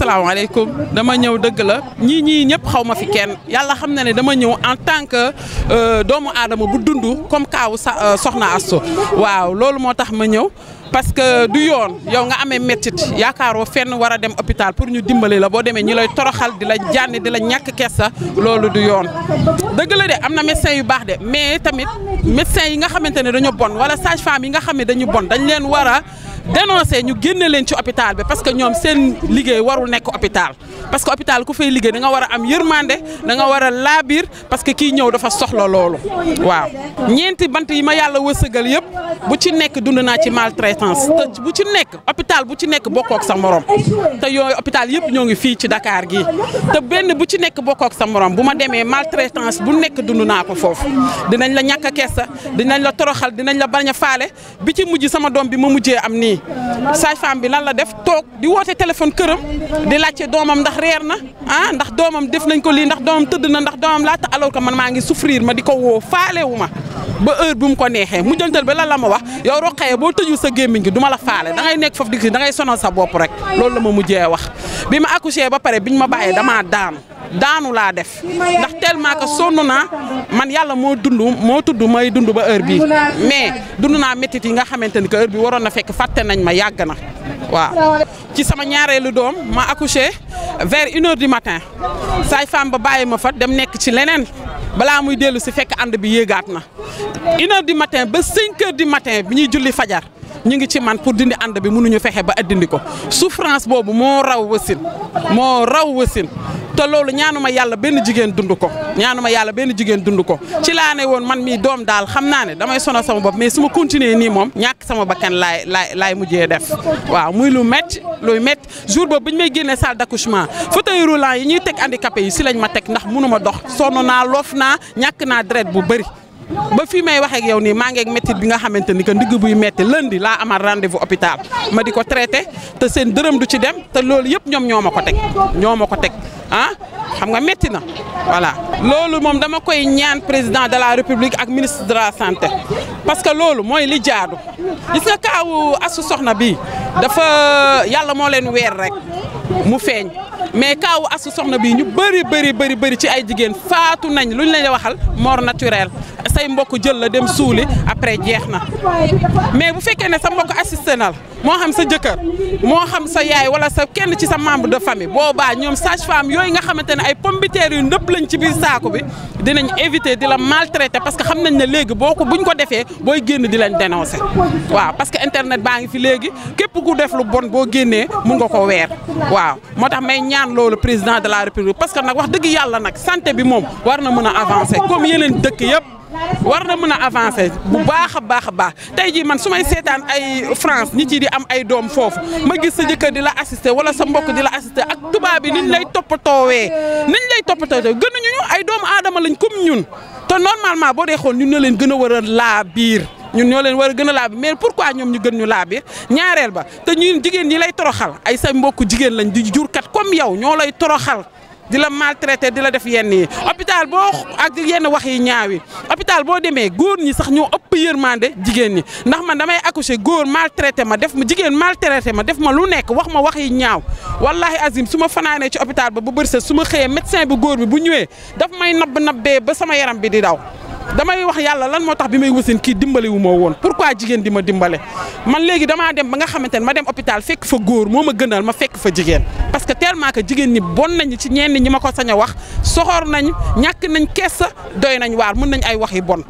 asalaamaaleykum dama ñëw dëgg la ñii ñii ñëpp xaw ma fi kenn yàlla xam na ne dama ñëw en tant que euh, doomu aadama bu dund comme kaawu euh, soxna Astu waaw loolu moo tax ma ñëw. parce que du yoon yow nga amee méttit yaakaaroo fenn war a dem hôpital pour ñu dimbali la boo demee ñi lay toroxal di la jànni di la ñàkk kersa loolu du yoon dëgg la de am na médecin yu baax de mais tamit médecin yi nga xamante ne dañu bon wala sage-femme yi nga xam ne dañu bon dañu leen war a dénoncé ñu génne leen ci hôpital bi parce que ñoom seen liggéey warul nekk hôpital parce que opital ku fay liggéey da nga war am yërmande da nga war a laabiir parce que kii ñëw dafa soxla loolu waaw ñeenti bant yi ma yàlla wësëgal yëpp bu ci nekk dund naa ci maltraitance te bu ci nekk hôpital bu ci nekk bokkook sa moroom te yooyu hôpital yëpp ñoo ngi fii ci dakaar gi te benn bu ci nekk bokkook sa moroom bu ma demee maltraitance bu nekk dund naa ko foofu dinañ la ñàkk keesa dinañ la toroxal dinañ la bañ a faale bi ci mujj sama doom bi ma mujjee am nii sage bi lan la def toog di woote téléphone këram di ndax reer na ah ndax doomam def nañ ko lii ndax doomam tëdd na ndax doomam laata alors que man maa ngi souffrir ma di ko woo faale ma ba heure bu mu ko neexee mu jëntal ba lan la ma wax yow roqee boo tëjul sa gémmiñ gi duma la faale dangay ngay nekk foofu di da ngay sonal sa bopp rek loolu la ma mujjee wax bi ma accouché ba pare biñ ma bàyyee damaa daanu daanu laa def ndax tellement que sonn naa man yàlla moo dund moo tudd may dund ba heure bii mais dund naa métit yi nga xamante ni que bi waroon na fekk fàtte nañ ma yàgg na waaw ci sama ñaareelu doom ma accouché vers une heure du matin sage-femme ba bàyyi ma fa dem nekk ci leneen balaa muy dellu si fekk ànd bi yéegaat na une heure du matin ba cinq di du matin bi ñuy julli fajar ñu ngi ci man pour dindi ànd bi mënuñu fexe ba addindi ko souffrance boobu moo raw wasin moo raw wasin te loolu ñaanuma yàlla benn jigéen dund ko ñaanuma yàlla benn jigéen dund ko ci laa woon man mii doom daal xam naa ne damay sono sama bopp mais suma continuer nii moom ñàkk sama bakkan laay laay laay mujjee def waaw muy lu métti luy métti jour boobu bi ñu may génnee salle d'accouchement fauteuil roulant yi ñuy teg handicapé yi si lañ ma teg ndax munuma dox sonn naa loof naa ñàkk naa deret bu bëri ba fii may wax ak yow nii maa ngi ak bi nga xamante ni que ndigg buy métti lundi laa amal rendez-vous hôpital ma di ko traité te seen dërëm du ci dem te loolu yëpp ñoom ñoo ma ko teg ñoo ma ko teg ah xam nga métti na voilà. loolu moom dama koy ñaan président de la république ak ministre de la santé parce que loolu mooy li jaadu gis nga kaawu asu soxna bi dafa yàlla moo leen weer rek mu feeñ. mais kaawu asu soxna bi ñu bëri bëri bëri bëri ci ay jigéen faatu nañ ñu la waxal mort naturelle say mbokk jël la dem suuli après jeex na mais bu fekkee ne sa mbokk assisté na la moo xam sa jëkkër moo xam sa yaay wala sa kenn ci sa membre de famille boobaa ñoom sage femme yooyu nga xamante ne ay pombiteer yu nëpp lañ ci biir saako bi dinañ éviter di la maltraiter parce que xam nañ ne léegi boo ko buñ ko defee booy génn di leen dénoncer waaw parce que internet baa ngi fi léegi képp ku def lu bon boo génnee mun nga ko weer ñaan loolu président de la république parce que nag wax dëgg yàlla nag santé bi moom war na mën a avancer comme yeneen dëkk yëpp. war na mën a avancer bu baax a baax a baax tey jii man su seetaan ay France ñi ci di am ay doom foofu ma gis sa jëkkër di la assister wala sa di la assister ak tubaab bi niñ lay toppatoowee niñ lay toppatoowee gënuñu ñu ay doomu aadama lañ comme ñun te normalement boo dee xool ñun na leen gën a war a laa biir. ñun ñoo leen war a gën a laabi mais pourquoi ñoom ñu gën ñu laabi ñaareel ba te ñun jigéen ñi lay toroxal ay sa mbokku jigéen lañ di jurkat comme yow ñoo lay toroxal di la maltraité di la def yenn yi hôpital boo ak yenn wax yi ñaawi hôpital boo demee góor ñi sax ñoo ëpp yërmande jigéen ñi ndax man damay accoucher góor maltraité ma def ma jigéen maltraité ma def ma lu nekk wax ma wax yi ñaaw wallahi azim su ma fanaanee ci opital ba bu bëri sa su ma xëyee médecin bu góor bi bu ñëwee daf may nabb nabbee ba sama yaram bi di daw damay wax yàlla lan moo tax bi may wasin kii dimbale wu ma woon pourquoi jigéen di ma dimbale man léegi damaa dem ba nga xamante ne ma dem hôpital fekk fa góor moo ma gënal ma fekk fa jigéen parce que tellement que jigéen ñi bon nañu ci ñenn ñi ma ko sañ wax soxor nañu ñàkk nañ kees doy nañu waar mën nañ ay wax yi bon